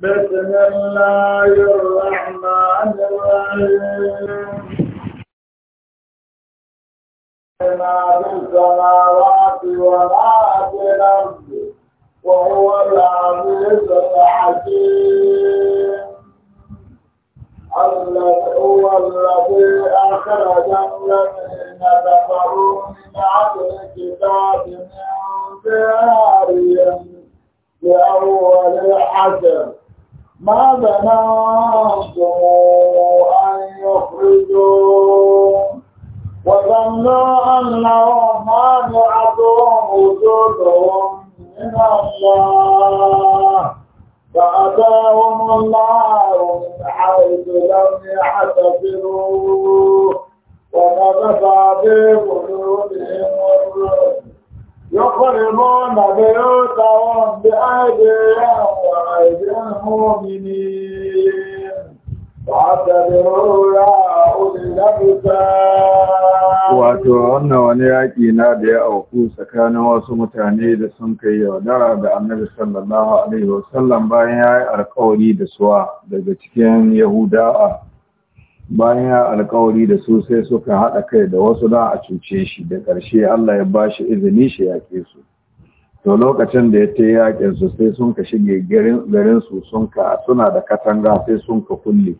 بسم الله الرحمن الرحيم ما في السماوات وما في الأرض وهو العزيز الحكيم الذي هو الذي أخرج الذين كفروا من أهل الكتاب من ديارهم بأول حجر ماذا نعصوا أن يخرجوا وظنوا أنهم مانعتهم وجودهم من الله فأتاهم الله من حيث لم يحتسبوا ونبذ في قلوبهم الرعب يقربون بيوتهم بأيديهم وأيدي المؤمنين فاعتبروا يا أولي الأبصار wato wannan wani yaƙi na da ya auku tsakanin wasu mutane da sun kai yaudara da annabi sallallahu alaihi wasallam bayan ya yi alkawari da suwa daga cikin yahudawa bayan ya alkawari da su sai suka haɗa kai da wasu na a cuce shi da ƙarshe Allah ya ba shi izini shi yaƙe su to lokacin da ya ta yaƙin su sai sun ka shige garin su sun ka suna da katanga sai sun ka kulle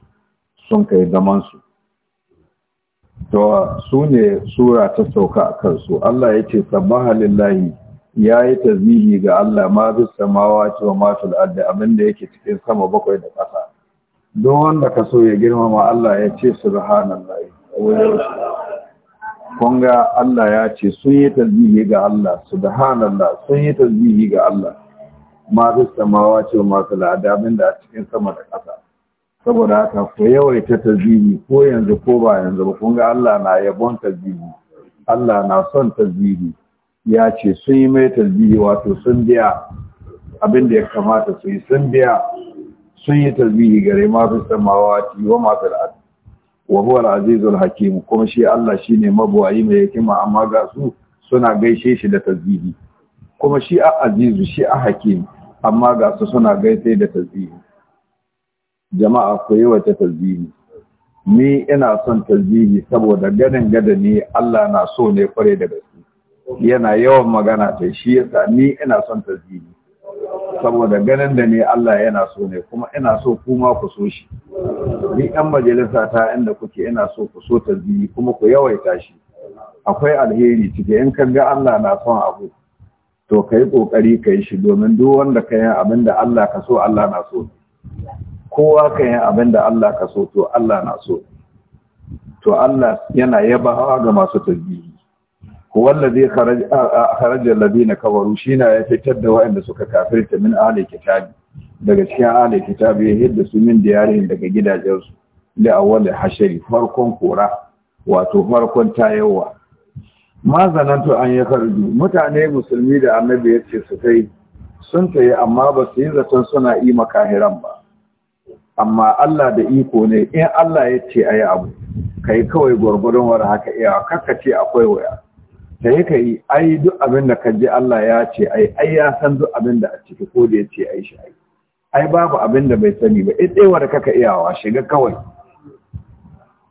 sun ka yi zaman su to su ne sura ta sauka a kansu Allah ya ce sabaha lillahi ya yi tazihi ga Allah ma bisa mawa wa masu fil abinda yake cikin sama bakwai da ƙasa don wanda ka so ya girmama Allah ya ce subhanallah kun ga Allah ya ce sun yi tasbihi ga Allah subhanallah sun yi tasbihi ga Allah ma su samawa ce ma fi da a cikin sama da ƙasa saboda haka ko yawaita tasbihi ko yanzu ko ba yanzu ba kun ga Allah na yabon tasbihi Allah na son tasbihi ya ce sun yi mai tasbihi wato sun biya abin da ya kamata su yi sun biya sun yi tasbihi gare ma fi samawati wa ma fil wa huwa al hakim kuma shi Allah shine mabuwayi mai hikima amma ga su suna gaishe shi da tasbihi kuma shi a azizu shi a hakim amma ga su suna gaishe da tasbihi jama'a ku yi wata tasbihi ni ina son tasbihi saboda ganin gada ne Allah na so ne kware da gaske yana yawan magana ta shi yasa ni ina son tasbihi saboda ganin da ne Allah yana so ne kuma ina so kuma ku so shi ni ɗan majalisa ta inda kuke ina so ku so ta kuma ku yawaita shi akwai alheri cike in ka ga Allah na son abu to ka yi ƙoƙari ka yi shi domin duk wanda ka yi abin da Allah ka so Allah na so kowa ka yi abin da Allah ka so to Allah na so to Allah yana yabawa ga masu tarbiyya. zai allazi kharaja alladhina kafaru shina ya fitar da waɗanda suka kafirta min ahli kitabi daga cikin ahli kitabi ya hidda su min diyarin daga gidajensu da awwal hashari farkon kora wato farkon tayawa ma zanantu an ya kharaju mutane musulmi da annabi ya ce su kai sun tayi amma ba su yi zaton suna yi makahiran ba amma Allah da iko ne in Allah ya ce ayi abu kai kawai gwargwadon war haka iya kakkace akwai waya da yake yi ai duk abin da kaji Allah ya ce ai ai ya san duk abin da a ciki ko da yace ai shi ai ai babu abin da bai sani ba idai wanda kaka iyawa shiga kawai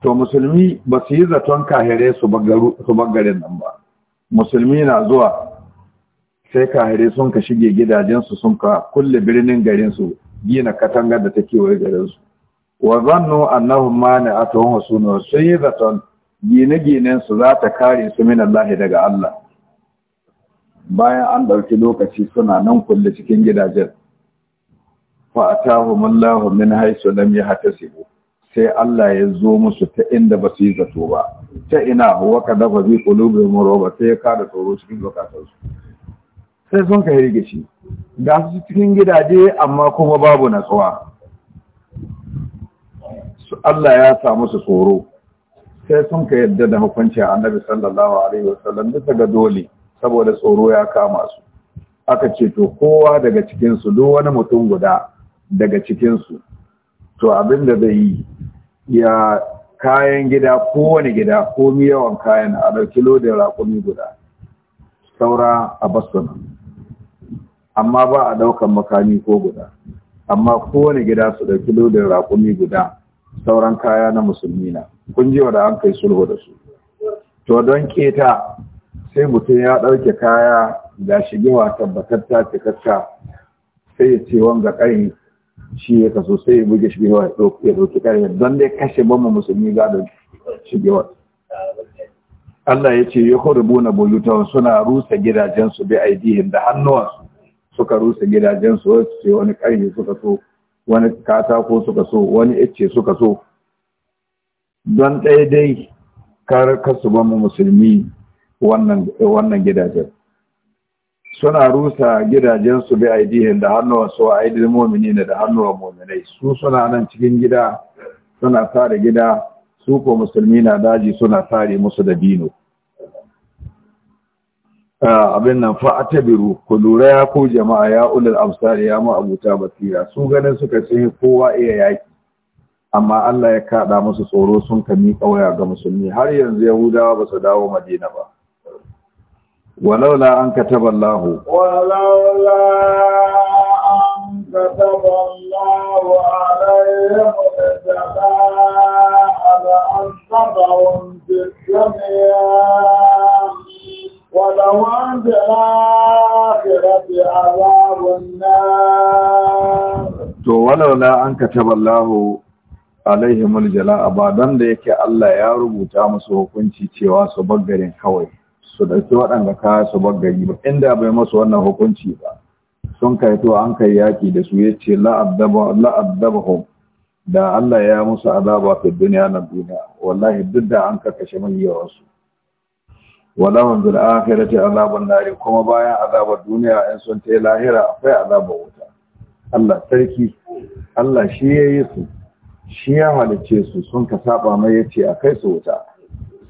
to musulmi ba su yi zaton kahire su bangaren nan ba musulmi na zuwa sai kahire sun ka shige gidajensu sun ka kulle birnin garinsu gina katanga da take ta garin garinsu wa zannu annahum mani'atuhum husunu sun yi zaton gine-ginen su za ta kare su min Allah daga Allah bayan an ɗauki lokaci suna nan kulle cikin gidajen fata mallahu min haisu lam yahtasibu sai Allah ya zo musu ta inda ba su yi zato ba ta ina huwa ka dafa bi qulubihim ba sai ya kada tsoro cikin zakatansu sai sun kai rigici ga su cikin gidaje amma kuma babu natsuwa Allah ya samu su tsoro sai sun ka yadda da hukuncin annabi sallallahu alaihi wasallam bisa ga dole saboda tsoro ya kama su aka ce to kowa daga cikin su duk wani mutum guda daga cikin su to abin da zai yi ya kayan gida kowane gida ko yawan kayan a ɗauki lodin raƙumi guda saura a basuna amma ba a ɗaukan makami ko guda amma kowane gida su ɗauki lodin raƙumi guda sauran kaya na musulmi na kun ji wa da an kai sulhu da su to don keta sai mutum ya ɗauke kaya ga shigewa tabbatatta cikakka sai ya ce wanga ƙari shi ya kaso sai ya buge shigewa ya ɗauki ƙari don dai kashe mu musulmi gadon shigewa Allah ya ce ya yakhrubuna buyutahum suna rusa gidajensu bi aidihin da hannuwansu suka rusa gidajensu wasu ce wani ƙari suka so wani katako suka so wani icce suka so don ɗaya dai kar kasu ba mu musulmi wannan gidajen suna rusa gidajensu bi aidihin da hannuwansu a aidil momini da hannuwan mominai su suna nan cikin gida suna tsari gida su ko musulmi na daji suna tsari musu da bino abin nan fa'ata biru ku lura ya ku jama'a ya ulul absar ya ma abuta basira su ganin suka ce kowa iya yaki amma Allah ya kaɗa musu tsoro sun ka miƙa waya ga musulmi har yanzu yahudawa ba su dawo madina ba walaula an kataba Allah walaula an kataba Allah alaihim al-jazaa al-asbahum bil-dunya wa law an akhirati azabun nar to walaula an kataba Allah alaihimul jala'a ba don da yake Allah ya rubuta musu hukunci cewa su baggarin kawai su ɗauki waɗanda kaya su baggari ba inda bai masu wannan hukunci ba sun kai to an kai yaƙi da su ya ce la'addabahum da Allah ya musu azaba fi duniya na duniya wallahi duk da an kashe mai yawansu walahun bil akhirati azaban nar kuma bayan azabar duniya in sun ta lahira akwai azabar wuta Allah sarki Allah shi yayi su shi ya halice su sun ka saba mai ya ce a kai su wuta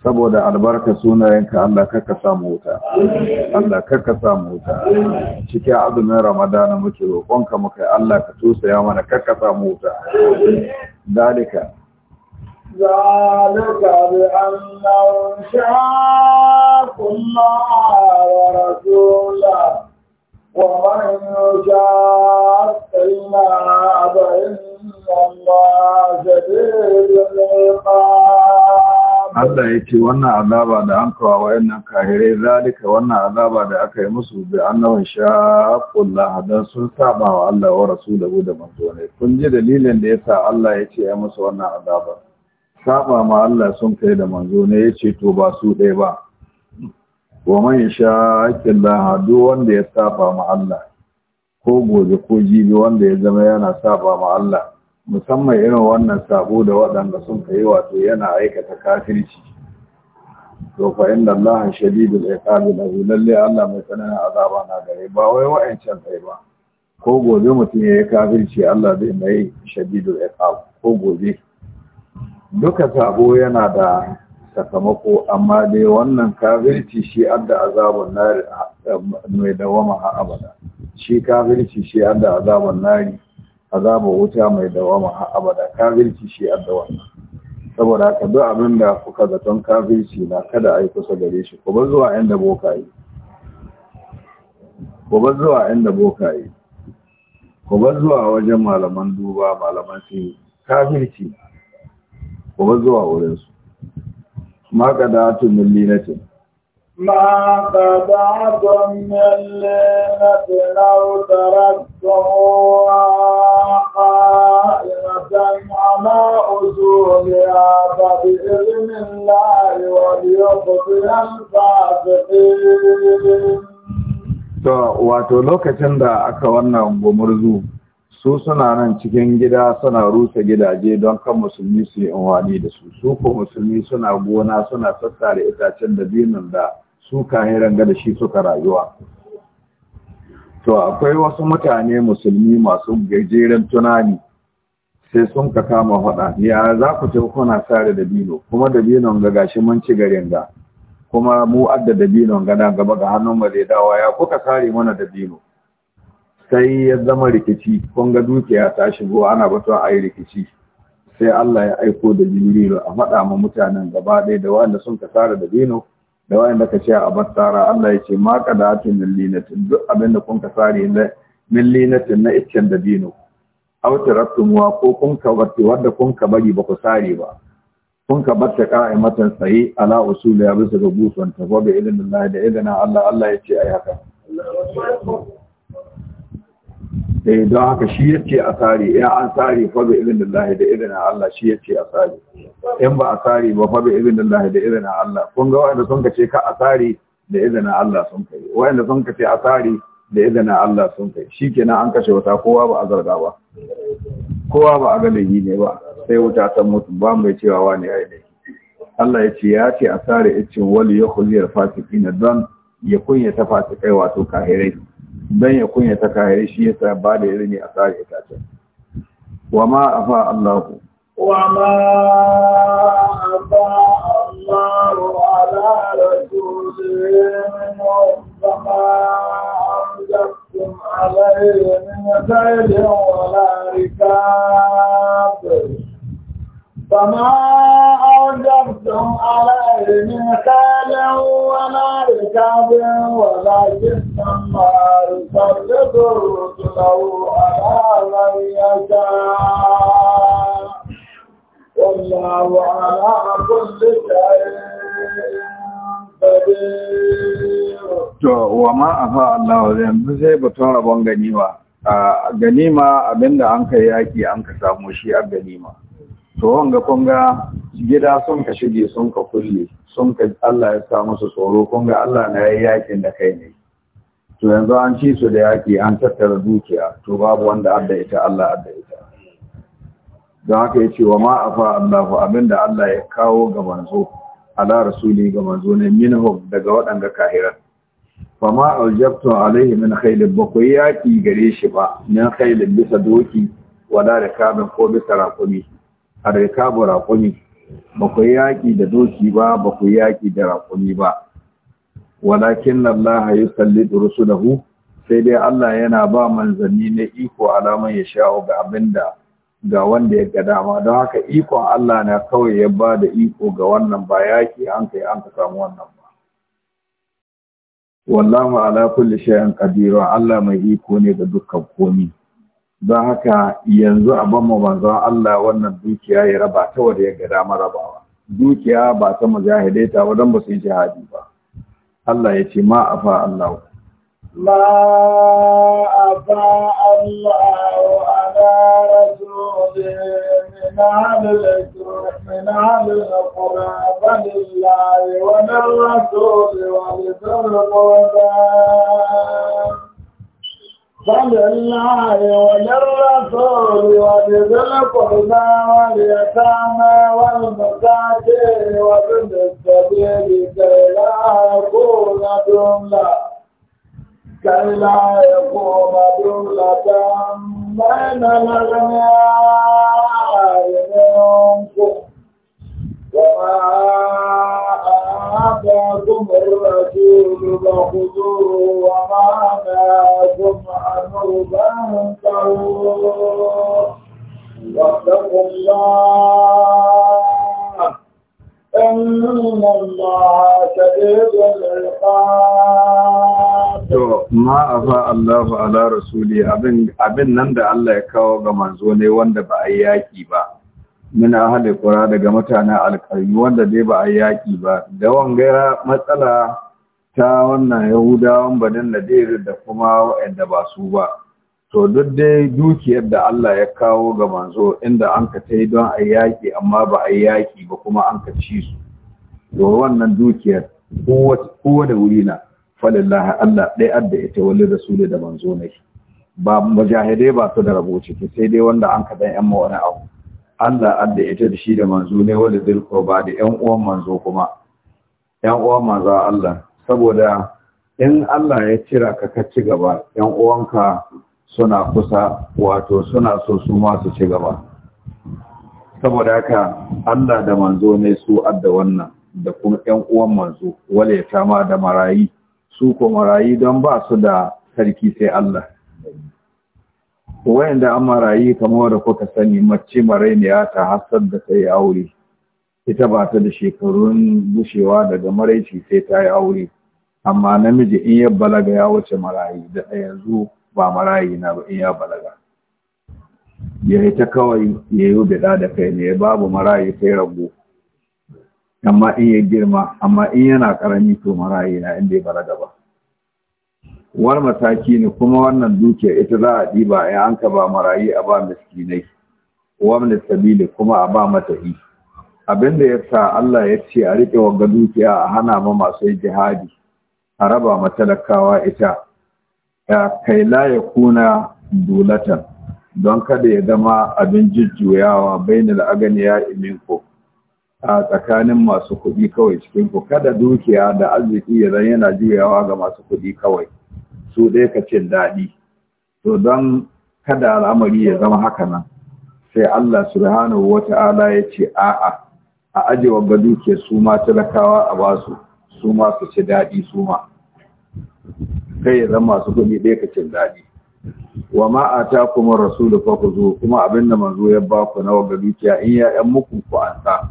saboda albarka sunayenka Allah kakka samu wuta Allah kakka samu wuta cikin azumin ramadana muke roƙonka muka Allah ka ya mana kakka samu wuta dalika ذلك sha شاقوا الله ورسوله ومن يشاق Allah ya ce wannan azaba da an kawo wayannan kahirai zalika wannan azaba da aka yi musu bi annawan shaqullah dan sun saba wa Allah wa rasu da manzo ne kun ji dalilin da yasa Allah ya ce ya musu wannan azaba saba ma Allah sun kai da manzonai ya yace to ba su ɗaya ba wa man sha laha duk wanda ya saba ma Allah ko gobe ko jibi wanda ya zama yana saba ma Allah musamman irin wannan sabo da waɗanda sun kai wato yana aikata kafirci to fa inna Allah shadidul iqab la lalle Allah mai tsananin azaba na gare ba wai wa'ancan sai ba ko gobe mutum ya yi kafirci Allah zai mai shadidul iqab ko gobe duka sabo yana da sakamako amma dai wannan kafirci shi adda azabun nari mai dawama ha abada shi kafirci shi adda azabun nari azabun wuta mai dawama ha abada kafirci shi adda wannan saboda haka duk abin da kuka zaton kafirci na kada a yi kusa gare shi ku bar zuwa inda boka yi ku bar zuwa inda boka yi ku bar zuwa wajen malaman duba malaman sihiri kafirci ku bar zuwa wurinsu ma qada'atun min linatin ما قدعتم من ليلة لو تركتموها قائمة على أصولها فبإذن الله وليخزي الفاسقين. To, wato lokacin da aka wannan gumurzu su suna nan cikin gida suna rusa gidaje don kan musulmi su yi unwani da su su ko musulmi suna gona suna sassare itacen da binin da su kahiran da shi suka rayuwa to akwai wasu mutane musulmi masu gajeren tunani sai sun ka kama faɗa ya za ku ce kuna sare da bino kuma da binon ga gashi mun ci garin ga kuma mu adda da binon ga nan gaba ga hannun mu zai dawa ya kuka kare mana da bino sai ya zama rikici kun ga dukiya ta shigo ana batuwa a yi rikici sai Allah ya aiko da jibrilu a faɗa ma mutanen gaba ɗaya da wanda sun tsara da dino da wanda ka ce a basara Allah ya ce ma ka da hatin millinatin duk abin da kun tsari na millinatin na iccen da dino auta tarattumuwa ko kun kabati wanda kun bari ba ku sare ba kun ka kabarta matan sahi ala usuli ya bisa ga gusun ta da idan Allah da idan Allah Allah ya ce ai haka dai eh, don haka shi yace a tsari. ya an sare fa bi idnillahi da idnin Allah shi yace a tsari. in ba a tsari ba fa bi idnillahi da idnin Allah kun ga wanda sun ka ce ka a tsari da idnin Allah sun kai wanda sun ka ce a tsari da idnin Allah sun kai shikenan an kashe wata kowa ba a zarga ba kowa ba a galibi ne ba sai wuta ta mutu ba mai cewa wani ya yi Allah ya ce ya ce a tsari icin wali ya kuliyar fasiki na don ya kunya ta fasikai wato kahirai don ya kunya ta kayar shi ya ba da irini a tsari itacen wa ma a fa Allahu wa ma a fa Allahu ala rasulihim wa ma amzakum alayhi min zailin wa la rikab فما أوجبتم عليه من خيل ولا ركاب ولا جسم ما يسلط رسله على من يشاء والله على كل شيء To, wa ma'afa Allah yanzu sai batun rabon ganima, a ganima abinda an ka yaƙi an ka samu shi a ganima. to wanga kunga gida sun ka shige sun ka kulle sun ka Allah ya sa musu tsoro kunga Allah na yayi yakin da kai ne to yanzu an ci su da yaki an tattara dukiya to babu wanda adda ita Allah adda ita don haka yace wa ma afa Allahu abinda Allah ya kawo ga manzo ala rasuli ga manzo ne minhum daga waɗanda kahiran fama aljabtu alaihi min khailin ba ku yaki gare shi ba min khailin bisa doki wala da kabin ko bisa rakumi a rikabu raƙumi ba ku yaƙi da doki ba ba ku yaƙi da raƙumi ba walakin Allah ya salli hu sai dai Allah yana ba manzanni na iko alaman ya sha'o ga abinda ga wanda ya ga dama don haka ikon Allah na kawai ya ba da iko ga wannan ba yaƙi an kai an ka samu wannan ba wallahu ala kulli shay'in qadir Allah mai iko ne ga dukkan komi don haka yanzu a ban manzon Allah wannan dukiya ya raba ta wanda ya gada dama rabawa dukiya ba ta mujahidai ta wadan ba su yi jihadi ba Allah ya ce ma afa Allah ma afa Allah ala rasulin min ahli al-qura falillahi wa lirrasuli wa lidhil فلله وللرسول ولذي القربى واليتامى والمساكين وابن السبيل كي لا يكون جملة كي لا يكون جملة بين الأغنياء منكم وما آتاكم الرسول فخذوه وما نهاكم عنه فانتهوا واتقوا الله إن الله شديد العقاب To, ma a fa Allah ala rasuli abin nan da Allah ya kawo ga manzo ne wanda ba a yi yaƙi ba, muna hada kura daga mutanen alƙaryu wanda dai ba a yi yaƙi ba da wanga matsala ta wannan yahudawan banin da kuma waɗanda ba su ba to duk dai dukiyar da Allah ya kawo ga manzo inda an ka tai don a yaƙi amma ba a yaƙi ba kuma an ka ci su to wannan dukiyar kowa da wuri na falillahi Allah ɗaya adda ita wani rasuli da manzo ne ba mujahidai ba su da rabo ciki sai dai wanda an ka dan yan mawana abu Allah adda ita da shi da manzo ne wanda zai ba da ƴan uwan manzo kuma ƴan uwan manzo Allah saboda in Allah ya cira ka ka ci gaba ƴan uwanka suna kusa wato suna so su ma su ci gaba saboda haka Allah da manzo ne su adda wannan da kuma ƴan uwan manzo wale ya ma da marayi su ko marayi don ba su da sarki sai Allah wayanda an marayi kamar da kuka sani mace marainiya ta hasar da ta yi aure ita ba ta da shekarun gushewa daga maraici sai ta yi aure amma namiji in ya balaga ya wuce marayi da yanzu ba marayi na ba in ya balaga ya yi ta kawai ya yi bida da kai ne babu marayi sai rabu amma in ya girma amma in yana karami to marayi na inda ya balaga ba war mataki ne kuma wannan dukiya ita za a ɗiba a an ka ba marayi a ba miskinai wamna sabili kuma a ba matahi abinda ya sa Allah ya ce a riƙe wanga dukiya a hana ma masu jihadi a raba matalakawa ita ya kai laye kuna dulatan don kada ya zama abin jujjuyawa ya imin ku a tsakanin masu kuɗi kawai cikin ku kada dukiya da arziki ya zan yana juyawa ga masu kuɗi kawai su ɗaya ka cin daɗi to don kada al'amari ya zama haka nan sai Allah subhanahu wata'ala ya ce a'a a aje wa ke su ma talakawa a basu su ma su ci daɗi su ma kai ya zama su kuɗi ɗaya ka ce daɗi wa ma ta kuma rasulu fa ku zo kuma abin da manzo ya ba ku na waga dukiya in ya muku ku ansa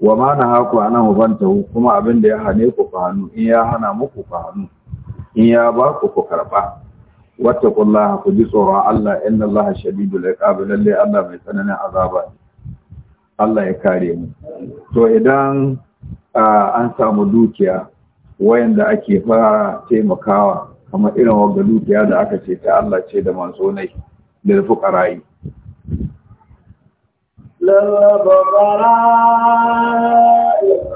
wa ma na haku anan ubanta kuma abin da ya hane ku fa hannu in ya hana muku fa hannu in ya ba ku ku karba wattaqullaha ku ji tsoron Allah inna Allah shadidul iqab lalle Allah mai tsananin azaba Allah ya kare mu to idan an samu dukiya wayanda ake fara taimakawa kamar irin wagga dukiya da aka ce ta Allah ce da manzo nai da fuqara'i للبراء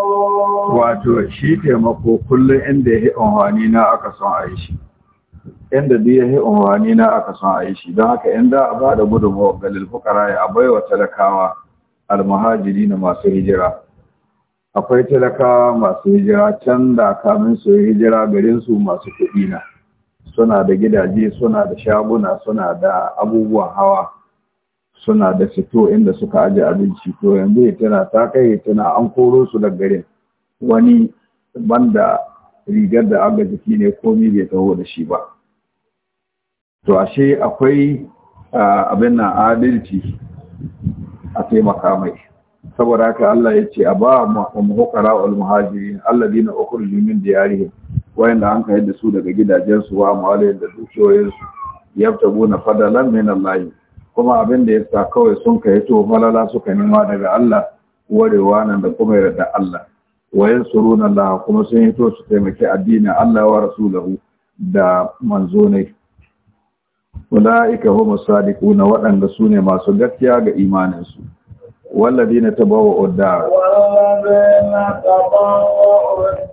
wato shi taimako kullum inda ya yi unhwani na aka son a yi shi inda duk ya yi na aka son a yi shi don haka inda a ba da gudunmawar galil fukara ya abai wa talakawa almahajiri na masu hijira akwai talakawa masu hijira can da kamin su hijira garinsu masu kuɗi na suna da gidaje suna da shaguna suna da abubuwan hawa suna da sito inda suka aje abinci to yanzu tana ta kai tana an koro su daga garin wani ban da rigar da aga jiki ne komi bai taho da shi ba to ashe akwai abin na adalci a taimaka mai saboda haka Allah ya ce a ba muhukara wal muhajiri da ya rihe wayan wayanda an kayar da su daga gidajensu wa mawalin da dukiyoyinsu yabtaguna fadalan min Allah kuma abin da ya sa kawai sun kai to falala suka nima daga Allah warewa nan da kuma yarda Allah wayan yansuruna Allah kuma sun hito su taimaki addinin Allah wa rasulahu da manzo ne ulaika hum sadiquna waɗanda sune masu gaskiya ga imaninsu والذين تبوأوا الدار والذين تبوأوا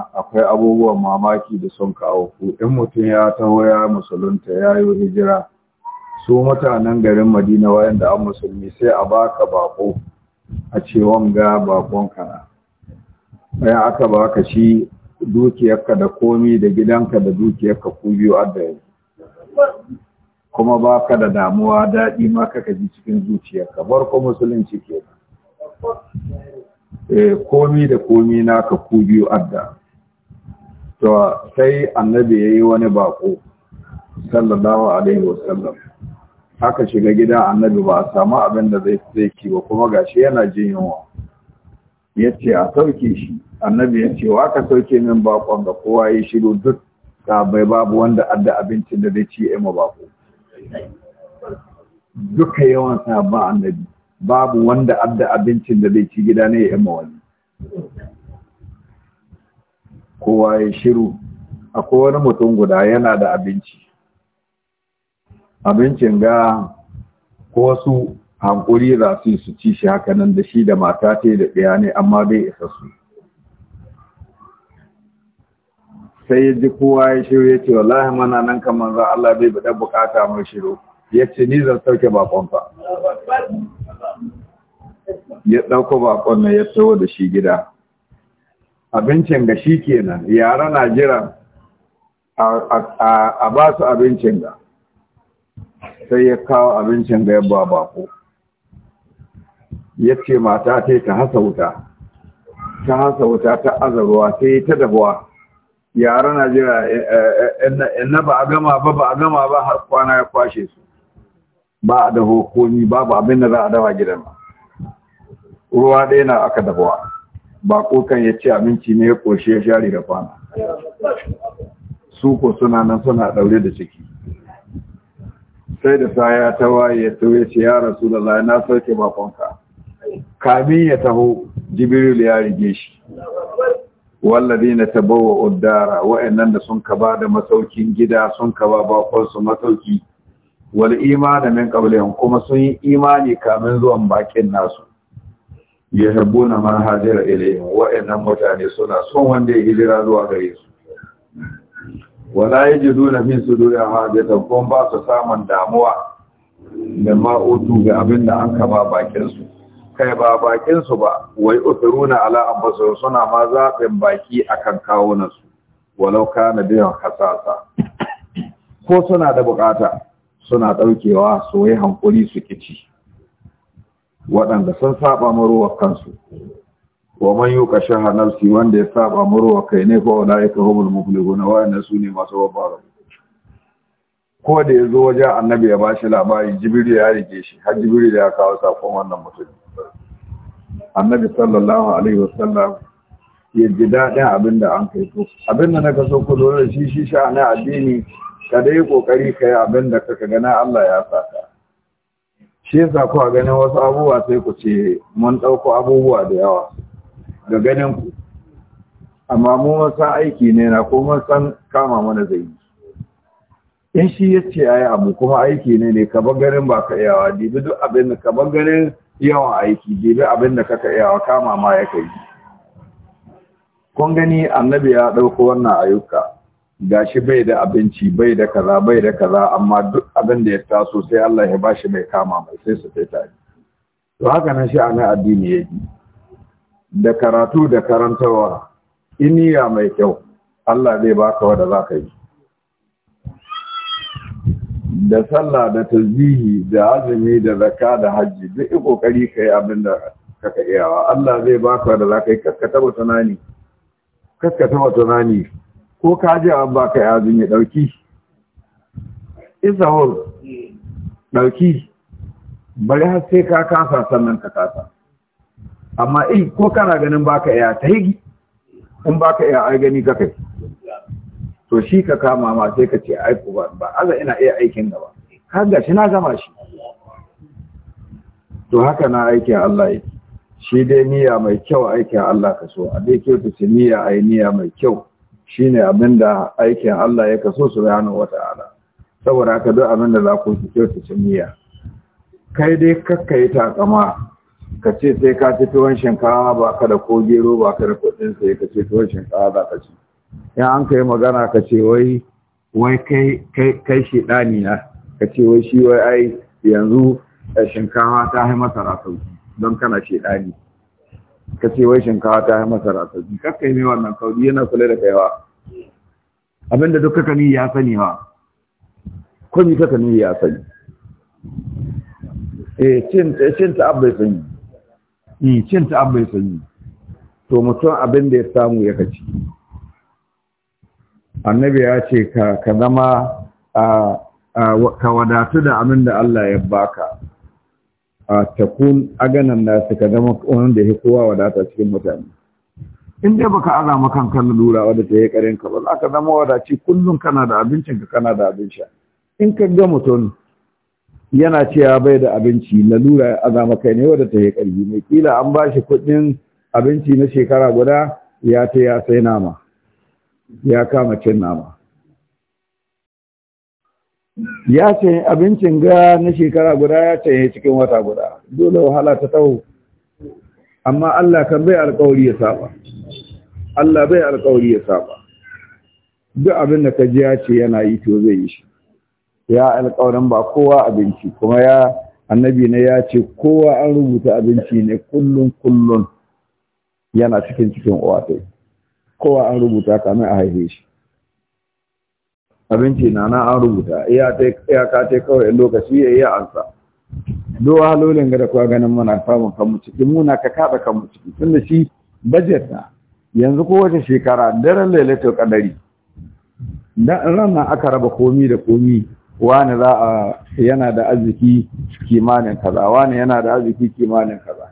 akwai abubuwan mamaki da son kawo ku in mutum ya taho ya musulunta ya yi hijira su mutanen garin madina wayanda an musulmi sai a baka bako a ce wanga bakon kana ya aka baka shi dukiyarka da komi da gidanka da dukiyarka ku biyu adda kuma baka da damuwa daɗi ma ka ji cikin zuciyarka ko musulunci kenan eh, komi da komi naka ku biyu adda to sai annabi yayi wani bako sallallahu alaihi wasallam aka shiga gida annabi ba a samu abin da zai zai ki ba kuma gashi yana jin yunwa yace a sauke shi annabi yace wa ka sauke min bakon da kowa yi shiru duk bai babu wanda adda abincin da zai ci ya ma bako duka yawan ba annabi babu wanda adda abincin da zai ci gida ne ya ma wani kowa ya shiru a kowane mutum guda yana da abinci abincin ga ko su hankuri za su su ci shi haka nan da shi da mata ce da ɗaya ne amma bai isa su sai ya ji kowa ya shiru ya ce wallahi mana nan kamar za Allah bai buɗe bukata mai shiru ya ce ni zan sauke bakonka ya ɗauko bakon na ya tsawo da shi gida abincin ga shi kenan yara na jira a ba su abincin ga. sai ya kawo abincin ga ya ba bako ya ce mata ta ta hasa wuta ta hasa wuta ta azarwa yi ta dabuwa yara na jira ina eh, eh, eh, ba a gama ba ba a gama ba har kwana ya kwashe su ba a daho komi babu abin da za a dawa gidan ruwa ɗaya na aka dabuwa ba kokan ya ce abinci ne ya koshe ya share da kwana su ko suna nan suna daure da ciki sai da saya ta waye ya tawo ya ce ya rasu da la na sauke bakonka kamin ya taho jibril ya rige shi walladina tabawa uddara wa'annan da sun kaba da masaukin gida sun kaba bakon su masauki wal imanin min qablihim kuma sun yi imani kamin zuwan bakin nasu ya habbo na manhajar ilayin wa'annan mutane suna son wanda ya hijira zuwa gare su wala ya ji dole fi su dole da kuma ba su samun damuwa da ma'utu ga abin da an kama bakinsu kai ba bakinsu ba wai usuruna ala ambasar suna ma zaɓin baki a kan kawunansu walau na biyan hasasa ko suna da bukata suna ɗaukewa su wai hankuri su kici waɗanda sun saba marowar kansu wa man yuka shaha nafsi wanda ya saba marowar kai ne fa ulaika humul muflihuna wa inna sunni masu wabara ko da ya zo waje annabi ya bashi labari jibril ya rike shi har jibril ya kawo sakon wannan mutum annabi sallallahu alaihi wasallam ya ji daɗin abin da an kai to abin da na ka so ku lura shi shi sha na addini ka dai kokari kai yi abin da ka gana Allah ya saka shi yasa a ganin wasu abubuwa sai ku ce mun ɗauko abubuwa da yawa ga ganin ku amma mu masa aiki ne na ko mun san kama mana zai yi in shi ya ce yi abu kuma aiki ne ne kaban ganin ba ka iyawa dibi duk abin da kaban ganin yawan aiki dibi abin da kaka iyawa kama ma ya kai kun gani annabi ya ɗauko wannan ayyuka gashi bai da abinci bai da kaza bai da kaza amma duk abin da ya taso sai Allah ya bashi mai kama mai sai su fita to haka nan sha'anin addini yake da karatu da karantawa iniya mai kyau Allah zai baka wanda zaka yi da sallah da tazihi da azumi da zakka da hajji duk kokari kai abin da kaka iyawa Allah zai baka wanda zaka yi kakkata wa tunani kakkata wa tunani ko ka je an baka ya ɗauki isahur ɗauki bari har sai ka kasa sannan ka kasa amma in ko kana ganin baka ya ta yi in baka ka ai gani ka kai to shi ka kama ma sai ka ce ai ba. ba aza ina iya aikin gaba har ga shi na gama shi to haka na aiki Allah yake shi dai niyya mai kyau aikin Allah ka so a dai kyau ta ce niyya ai niyya mai kyau Shi shine abinda aikin Allah ya kaso su wata wata'ala saboda haka duk abinda za ku kyautace miya. kai dai kakka yi takama ka ce sai ka ci tuwon shinkawa ba ka da ko gero ba ka da kudin sai ka ce tuwon shinkawa za ka ci ya an kai magana ka ce wai wai kai kai shi ɗani na ka ce wai shi wai ai yanzu eh, shinkawa ta hai masara sauki don kana shi ɗani ka ce wai shinkawa ta yi masara sauki kakka yi mai wannan kauri yana kula da kaiwa abinda duk kaka ni ya sani wa komi kaka ni ya sani eh cin ta ya sanyi eh cin ta ya sanyi to mutum abinda ya samu ya kaci annabi ya ce ka zama ka wadatu da abinda Allah ya baka a takun aganan da suka zama wanda ya kowa wadata cikin mutane in dai baka azama kan lura wadda ta yi karin ka ba za ka zama wadaci kullum kana da abincin ka kana da sha in ka ga mutum yana cewa bai da abinci lalura ya azama kai ne wadda ta yi karfi ne kila an ba shi kuɗin abinci na shekara guda ya ta ya sai nama ya kama cin nama ya ce abincin ga na shekara guda ya ce cikin wata guda dole wahala ta taho amma Allah kan bai alƙawari ya saba Allah bai alƙawari ya saba duk abin da ka ji ya ce yana yi to zai yi shi ya alƙawarin ba kowa abinci kuma ya annabi ne ya ce kowa an rubuta abinci ne kullun kullun yana cikin cikin uwa kowa an rubuta kamar a haife shi abinci na na an rubuta iyaka ce kawai lokaci ya yi ansa do halolin ga da kuwa ganin mana samun kanmu ciki muna ka kaɗa kanmu ciki tun da shi budget na yanzu kowace shekara daren lailatul kadari ran nan aka raba komi da komi wani za a yana da arziki kimanin kaza wani yana da arziki kimanin kaza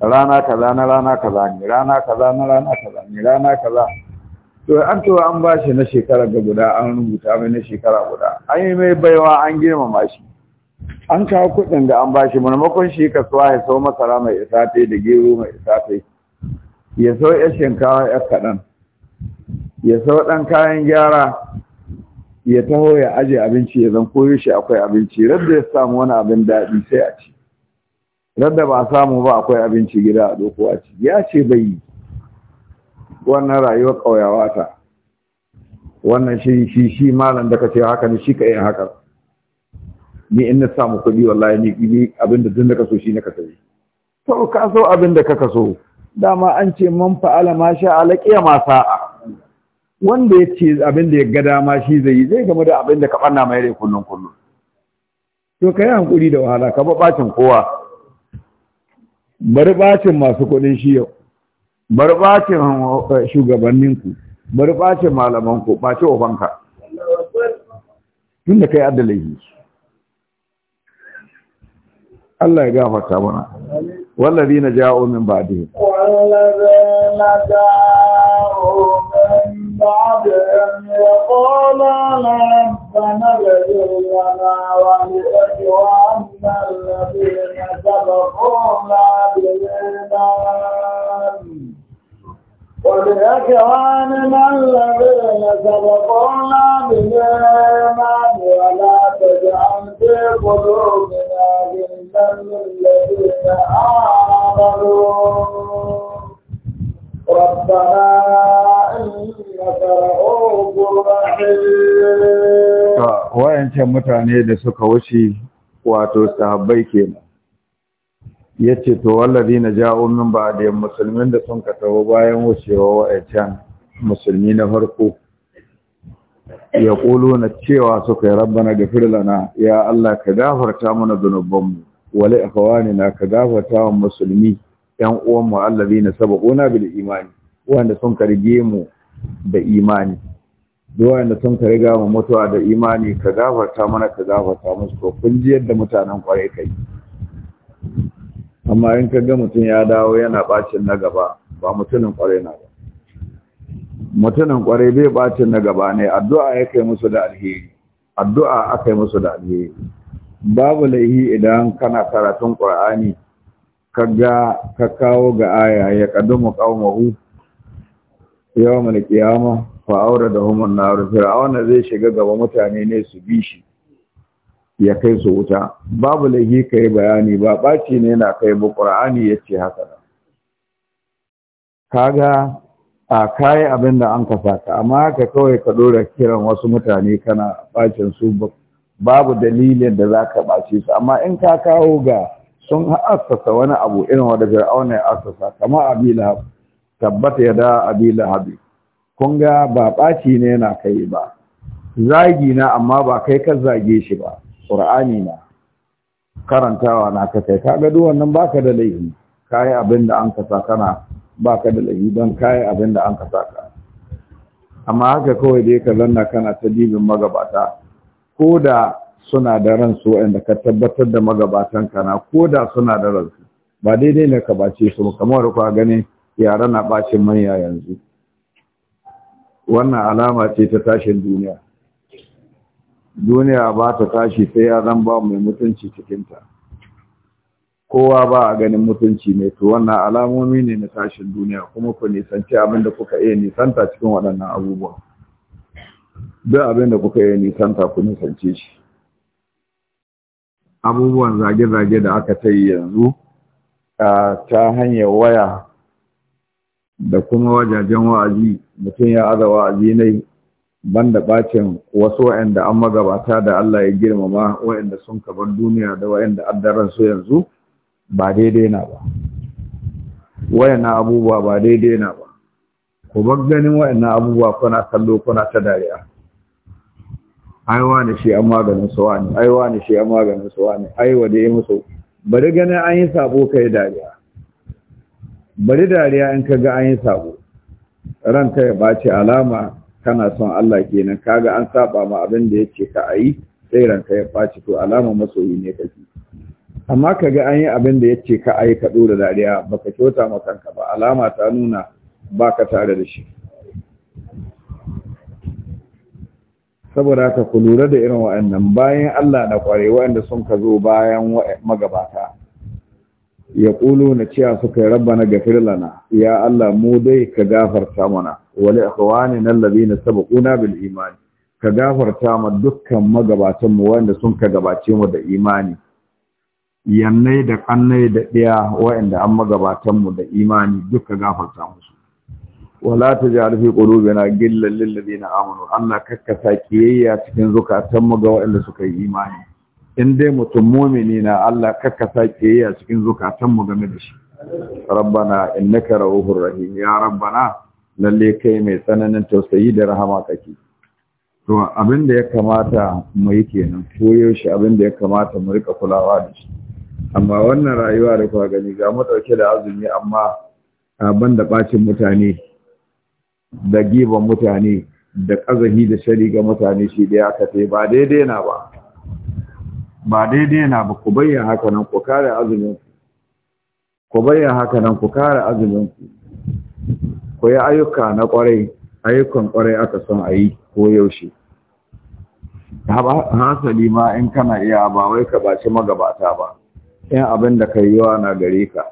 rana kaza na rana kaza ne rana kaza na rana kaza ne rana kaza to an to an ba shi na shekara ga guda an rubuta mai na shekara guda an yi mai baiwa an ma shi an kawo kuɗin da an ba shi maimakon shi kasuwa ya sau masara mai isafe da gero mai isafe ya sau ya shinkawa ya kaɗan ya sau ɗan kayan gyara ya taho ya aje abinci ya zan koyo shi akwai abinci radda ya samu wani abin daɗi sai a ci radda ba samu ba akwai abinci gida a doko a ci ya ce bai yi wannan rayuwar ƙauyawa ta wannan shi shi shi malam da ka ce haka ne shi ka yi haka ni in na samu kuɗi wallahi ni ni abin da duk da kaso shi na ka sai to ka so abin da kaka so dama an ce man fa'ala ma sha ala ma sa'a wanda ya ce abin da ya ga dama shi zai yi zai gama da abin da ka banna mai rai kullun kullun to kai hankuri da wahala ka ba bacin kowa bari bacin masu kuɗin shi yau bari ɓacin shugabanninku bari ɓacin malamanku ɓace ofanka tun da kai adalai, Allah ya gafarta mana wallazi na ja'o min ba'dihi wallazi na ja'o min ba'dihim yaquluna rabbana ghfir lana wa li'ikhwanina alladhina sabaquna bil iman بإخواننا الذين سبقونا بالإيمان ولا تجعل في قلوبنا غلا للذين آمنوا ربنا إنك رؤوف رحيم. وإن شاء متعني لسكوشي wato sahabbai kenan ya ce to wallazi na ja'o min ba da musulmin da sun katawa bayan wucewa can musulmi na farko ya ƙulu na cewa suka yi rabbana gafir lana ya Allah ka gafarta mana mu. wale ikhwani na ka gafarta wa musulmi ‘yan mu allazi na saba'una bil imani wanda sun karge mu da imani wanda sun karga mu mutuwa da imani ka gafarta mana ka gafarta musu ko kun ji yadda mutanen kwarai kai amma in ka ga mutum ya dawo yana bacin na gaba ba mutumin kwarai na ba mutumin kwarai bai bacin na gaba ne addu'a ya kai musu da alheri addu'a aka yi musu da alheri babu laihi idan kana karatun qur'ani kaga ka kawo ga aya ya kadumu qaumahu yawmal da fa na an-nar fir'auna zai shiga gaba mutane ne su bi shi ya kai su wuta babu laifi ka yi bayani ba ɓaci ne na kai ba ƙura'ani ya ce haka kaga a kayi abin da an kasa ka amma haka kawai ka ɗora kiran wasu mutane kana ɓacin su babu dalilin da za ka ɓaci su amma in ka kawo ga sun assasa wani abu irin wanda fir'auna ya assasa kamar abila tabbata ya da abi lahab kun ga ba ɓaci ne na kai ba zagi na amma ba kai ka zage shi ba ƙur'ani na karantawa na ka kai kaga duk wannan baka da laifi kai abin an kasa kana baka da laifi don kai abinda da an kasa ka amma haka kawai dai ka zanna kana ta dibin magabata ko da suna da ran su wanda ka tabbatar da magabatan kana ko da suna da ran su, ba daidai ne ka bace su kamar ku gani yara na bacin manya yanzu wannan alama ce ta tashin duniya duniya ba ta tashi sai ya zan ba mai mutunci cikinta kowa ba a ganin mutunci ne to wannan alamomi ne na tashin duniya kuma ku nisanci abin da kuka iya nisanta cikin waɗannan abubuwa duk abin da kuka iya nisanta ku nisance shi abubuwan zage-zage da aka ta yi yanzu ta hanyar waya da kuma wajajen wa'azi mutum ya aza wa'azi ne banda bacin wasu wa'anda an magabata da Allah ya girmama wa'anda sun kabar duniya da wa'anda addaran su yanzu ba daidai na ba wa'annan abubuwa ba daidai na ba ku bar ganin wa'annan abubuwa kuna kallo kuna ta dariya aiwa ne shi an maganin su wani aiwa ne shi an maganin su wani aiwa da yi musu bari ganin an yi sabo yi dariya bari dariya in ka ga an yi sabo ranka ya ɓaci alama kana son Allah kenan kaga an saba ma abin da yake ka yi sai ranka ya faci to alama masoyi ne kake amma kaga an yi abin da yake ka yi ka dora dariya baka kyauta ma kanka ba alama ta nuna baka tare da shi saboda ka ku lura da irin wa'annan bayan Allah na kware wa'anda sun ka zo bayan magabata ya ƙulo na cewa suka yi rabba na gafir lana ya Allah mu dai ka gafarta mana wa na ikhwanina alladhina sabaquna bil iman ka gafarta ma dukkan magabatan mu wanda sun ka gabace mu da imani yannai da ƙannai da ɗaya wa'anda an magabatan mu da imani duka gafarta musu wala ta taj'al fi na gillan lil ladina amanu Allah kakkasa kiyayya cikin zukatan mu ga wa'anda suka yi imani in dai mutum mu'mini na Allah kakkasa kiyayya cikin zukatan mu game da shi rabbana innaka ra'ufur rahim ya rabbana lalle kai mai tsananin tausayi da rahama kake to abin da ya kamata mu yi kenan koyo shi abin da ya kamata mu rika kulawa da shi amma wannan rayuwa da kuka gani ga mu dauke da azumi amma ban da bacin mutane da giban mutane da kazahi da shari ga mutane shi da aka sai ba daidai na ba ba daidai na ba ku bayyana haka nan ku kare azumin ku bayyana haka nan ku kare azumin ku yi ayyuka na ƙwarai ayyukan ƙwarai aka son a yi ko yaushe hasali ma in kana iya ba wai ka baci magabata ba in abin da ka yi wa na gare ka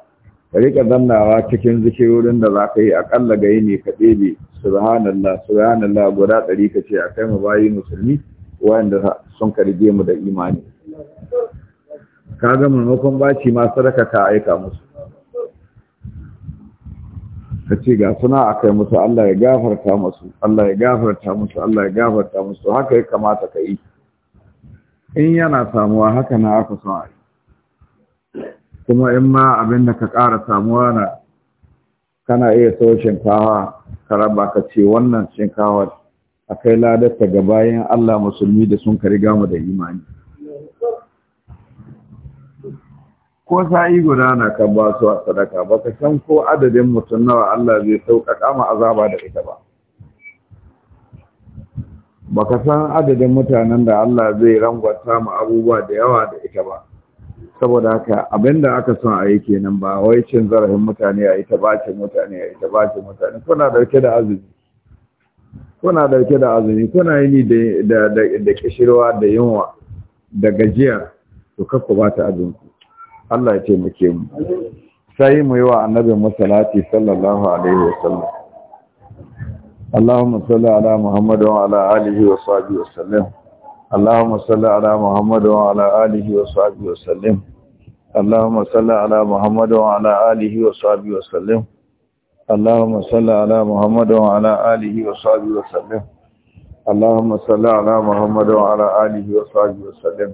ka riƙa zannawa cikin zikirorin da za ka yi aƙalla ga yi ne ka ɗebe subhanallah subhanallah guda ɗari ka ce a kai mu bayi musulmi wayanda sun karbe mu da imani ka ga maimakon baci ma sadaka ka aika musu ka ce ga suna kai musu Allah ya gafarta musu Allah ya gafarta musu Allah ya gafarta musu haka ya kamata ka yi in yana samuwa haka na aka son a yi kuma in ma abin da ka ƙara samuwa na kana iya sau shinkawa ka raba ka ce wannan shinkawar akai ladarta ga bayan Allah musulmi da sun ka riga mu da imani ko sa'i guda na kan ba su a sadaka ba ka san ko adadin mutum nawa Allah zai sauƙaƙa ma azaba da ita ba ba ka san adadin mutanen da Allah zai rangwata ma abubuwa da yawa da ita ba saboda haka abinda aka son a yi kenan ba wai cin zarafin mutane a ita ba mutane a ita ba mutane kuna dauke da azumi kuna dauke da azumi kuna yi da da da kishirwa da yunwa da gajiya to kakku ba ta azumi. Allah ya taimake mu sai mu yi wa annabi musallati sallallahu alaihi wasallam Allahumma salli ala Muhammad wa ala alihi wa sahbihi wasallam Allahumma salli ala Muhammad wa ala alihi wa sahbihi wasallam اللهم صل على محمد وعلى آله وصحبه وسلم اللهم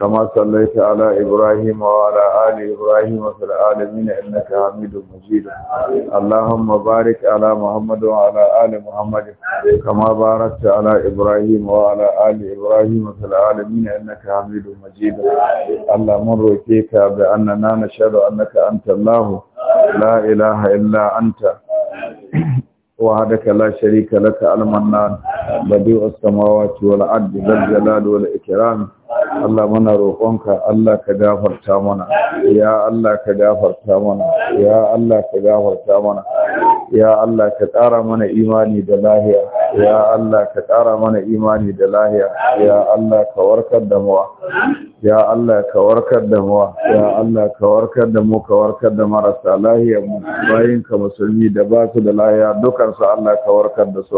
كما صليت على إبراهيم وعلى آل إبراهيم في العالمين إنك حميد مجيد اللهم بارك على محمد وعلى آل محمد كما باركت على إبراهيم وعلى آل إبراهيم في العالمين إنك حميد مجيد اللهم ركيك بأننا نشهد أنك أنت الله لا إله إلا أنت وحدك لا شريك لك المنان بديع السماوات والعدل ذا الجلال والإكرام Allah muna roƙonka Allah ka gafarta mana ya Allah ka gafarta mana ya Allah ka gafarta mana ya Allah ka ƙara mana imani da lahiya ya Allah ka ƙara mana imani da lahiya ya Allah ka warkar da muwa ya Allah ka warkar da muwa ya Allah ka warkar da mu ka warkar da marasa lahiya mu bayin ka musulmi da ba su da lahiya dukansu Allah ka warkar da su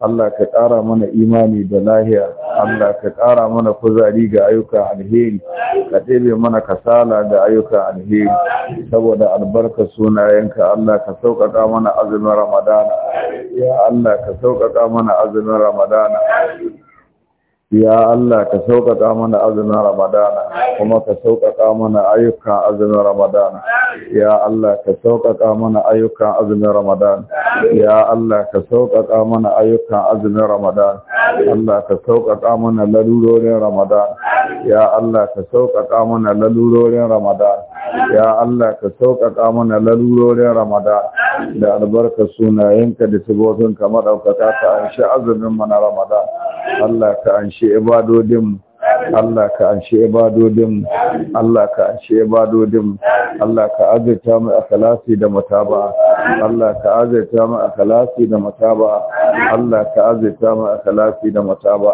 Allah ka ƙara mana imani da lahiya Allah ka ƙara mana kuzari ga ayyuka alheri ka ɗebe mana kasala ga ayyukan alheri saboda albarka sunayenka Allah ka sauƙaƙa mana azumin Ramadana ya Allah ka sauƙaƙa mana azumin Ramadana ya Allah ka sauƙaƙa mana azumin ramadana kuma ka sauƙaƙa mana ayyukan azumin ramadana ya Allah ka sauƙaƙa mana ayyukan azumin ramadana ya Allah ka sauƙaƙa mana ayyukan azumin ramadana Allah ka sauƙaƙa mana lalurorin ramadana ya Allah ka sauƙaƙa mana lalurorin ramadana ya Allah ka sauƙaƙa mana lalurorin Ramadan da albarka sunayenka da sigofinka maɗaukaka ka anshi azumin mana Ramadan Allah ka anshi ibadodinmu Allah ka anshe ibadodin Allah ka anshe ibadodin Allah ka azurta mu akhlasi da mataba Allah ka azurta mu akhlasi da mataba Allah ka azurta mu akhlasi da mataba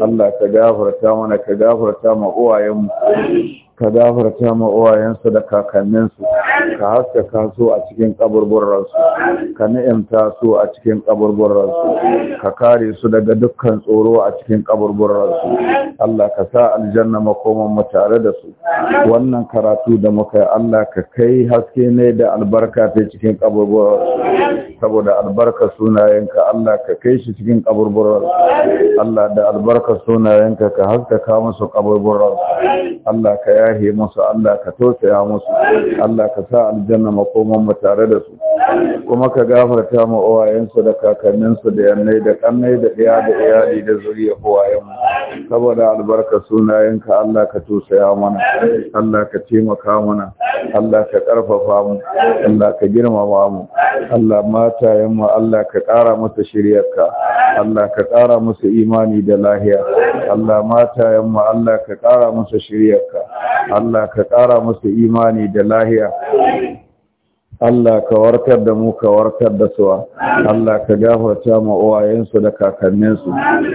Allah ka gafarta mana ka gafarta mu uwayenmu ka dafarta ma uwayensu da kakanninsu ka haskaka su a cikin kaburburransu ka ni'imta su a cikin kaburburransu ka kare su daga dukkan tsoro a cikin kaburburransu Allah ka sa aljanna makoman mu tare da su wannan karatu da muka yi Allah ka kai haske ne da albarka ta cikin kaburburransu saboda albarkar sunayenka Allah ka kai shi cikin kaburburar Allah da albarkar sunayenka ka haskaka musu kaburburar Allah ka yahe musu Allah ka tausaya musu Allah ka sa aljanna makoman mu tare da su kuma ka gafarta mu uwayensu da kakanninsu da yannai da kannai da iya da iyali da zuriya uwayen mu saboda albarkar sunayenka Allah ka tausaya mana Allah ka taimaka mana Allah ka karfafa mu Allah ka girmama mu Allah ma matayenmu Allah ka ƙara musu shiryarka Allah ka ƙara musu imani da lahiya Allah matayenmu Allah ka ƙara musu shiryarka Allah ka ƙara musu imani da lahiya Allah ka warkar da mu ka warkar da suwa Allah ka gafarta ma uwayensu da kakanninsu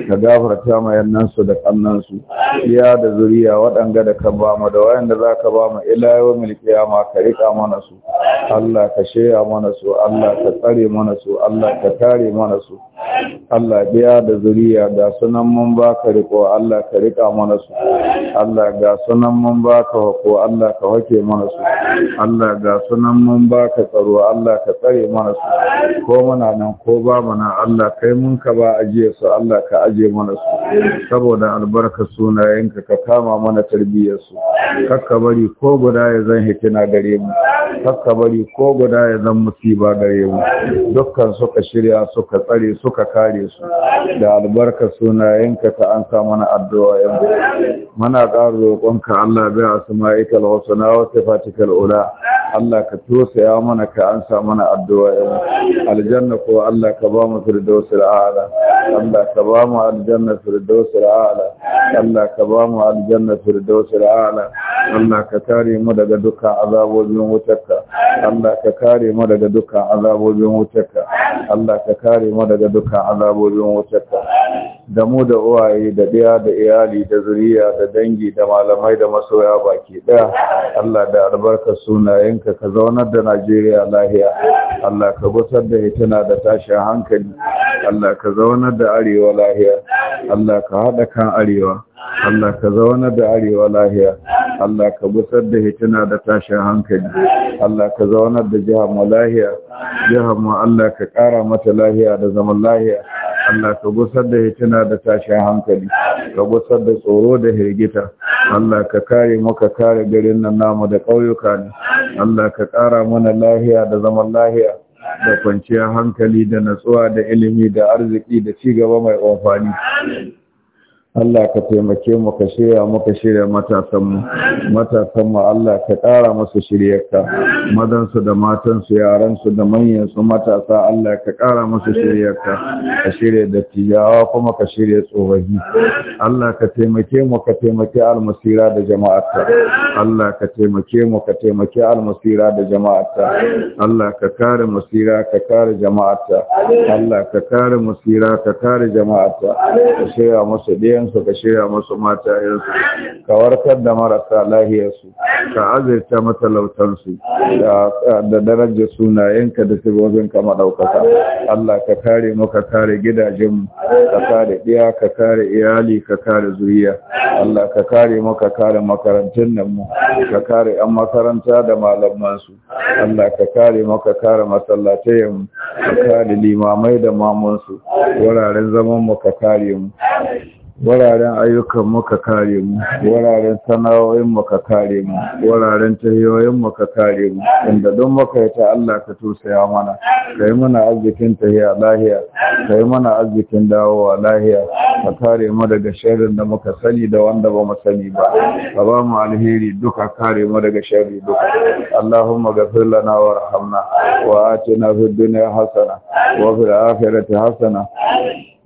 ka gafarta ma yannansu da kannansu iya da zuriya waɗanga da ka ba mu da wayanda za ka ba mu ila mil kiyama ka rika mana su Allah ka shaya mana su Allah ka tsare mana su Allah ka tare mana su Allah ɗaya da zuriya ga sunan mun ba ka riƙo, Allah ka riƙa mana su Allah ga sunan mun ba ka hako Allah ka hake mana su Allah ga sunan mun ba ka tsaro Allah ka tsare mana su ko muna nan ko ba mana Allah kai mun ka ba ajiye su Allah ka ajiye mana su saboda albarka sunayenka ka kama mana tarbiyyar su kakka bari ko guda ya zan hikina gare mu kakka bari ko guda ya zan musiba gare mu dukkan suka shirya suka tsare suka kare su da albarka sunayenka ka an sa mana addu'a yan muna ƙara roƙonka Allah bai asma'ika al-husna wa sifatika fatikal ula Allah ka ya mana ka an sa mana addu'a yan aljanna ko Allah ka ba mu firdaus ala Allah ka ba mu aljanna firdaus ala Allah ka ba mu aljanna firdaus ala Allah ka kare mu daga dukkan azabobin wutarka Allah ka kare mu daga dukkan azabobin wutarka Allah ka kare mu daga dukkan azabobin azabobin wutarka da mu da uwaye da ɗaya da iyali da zuriya da dangi da malamai da masoya baki ɗaya Allah da albarka sunayenka ka zaunar da Najeriya lahiya Allah ka gusar da hituna da tashin hankali Allah ka zaunar da arewa lahiya Allah ka haɗa kan arewa Allah ka zaunar da arewa lahiya Allah ka busar da hituna da tashin hankali Allah ka zaunar da jihar mu lahiya jihar mu Allah ka ƙara mata lahiya da zaman lahiya Allah ka gusar da hituna da tashin hankali ka gusar da tsoro da hirgita Allah ka kare mu ka kare garin nan namu da ƙauyuka ne Allah ka ƙara mana lahiya da zaman lahiya da kwanciyar hankali da natsuwa da ilimi da arziki da cigaba mai amfani Allah ka taimake mu ka shirya mu ka shirya matasanmu matasanmu Allah ka ƙara musu shiryarka madansu da matansu yaransu da manyansu matasa Allah ka ƙara musu shiryarka ka shirya dattijawa kuma ka shirya tsohahi Allah ka taimake mu ka taimake almasira da jama'arta Allah ka taimake mu ka taimake almasira da jama'arta Allah ka kare masira ka kare jama'arta Allah ka kare masira ka kare jama'arta ka shirya musu ɗaya ‘ya'yansu ka shirya masu matayensu, ka warkar da marasa lahiyarsu, ka azirta matalautansu da darajar sunayenka da ka maɗaukata Allah ka kare mu kare gidajenmu, ka kare ɗiya, ka kare iyali, ka kare zuriya. Allah ka kare mu kare makarantun nan mu, ka kare ‘yan makaranta da malamansu. Allah ka kare mu ka kare masallatayenmu, ka kare limamai da mamansu, wuraren zaman mu ka kare mu. wuraren ayyukan muka kare mu wuraren sana'o'in muka kare mu wuraren tahiyoyin muka kare mu inda don muka yi ta Allah ka tusaya mana ka yi mana arzikin tahiya lahiya ka yi mana arzikin dawowa lahiya ka kare mu daga sharrin da muka sani da wanda ba mu sani ba ka ba mu alheri duka kare mu daga sharri duka Allahumma ghafir lana warhamna wa atina fid dunya hasana wa fil akhirati hasana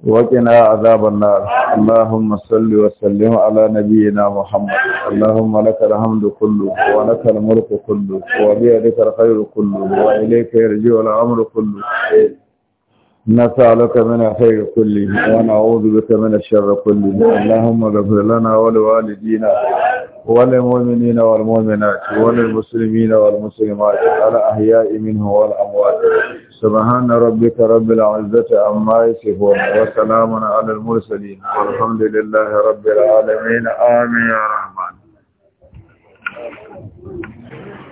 وقنا عذاب النار اللهم صل وسلم على نبينا محمد اللهم لك الحمد كله ولك الملك كله وبيدك الخير كله وإليك يرجع الأمر كله نسألك من الخير كله ونعوذ بك من الشر كله اللهم اغفر لنا ولوالدينا وللمؤمنين والمؤمنات وللمسلمين والمسلمات الأحياء منه والأموات سبحان ربك رب العزة عما يصفون وسلام على المرسلين والحمد لله رب العالمين آمين يا رحمن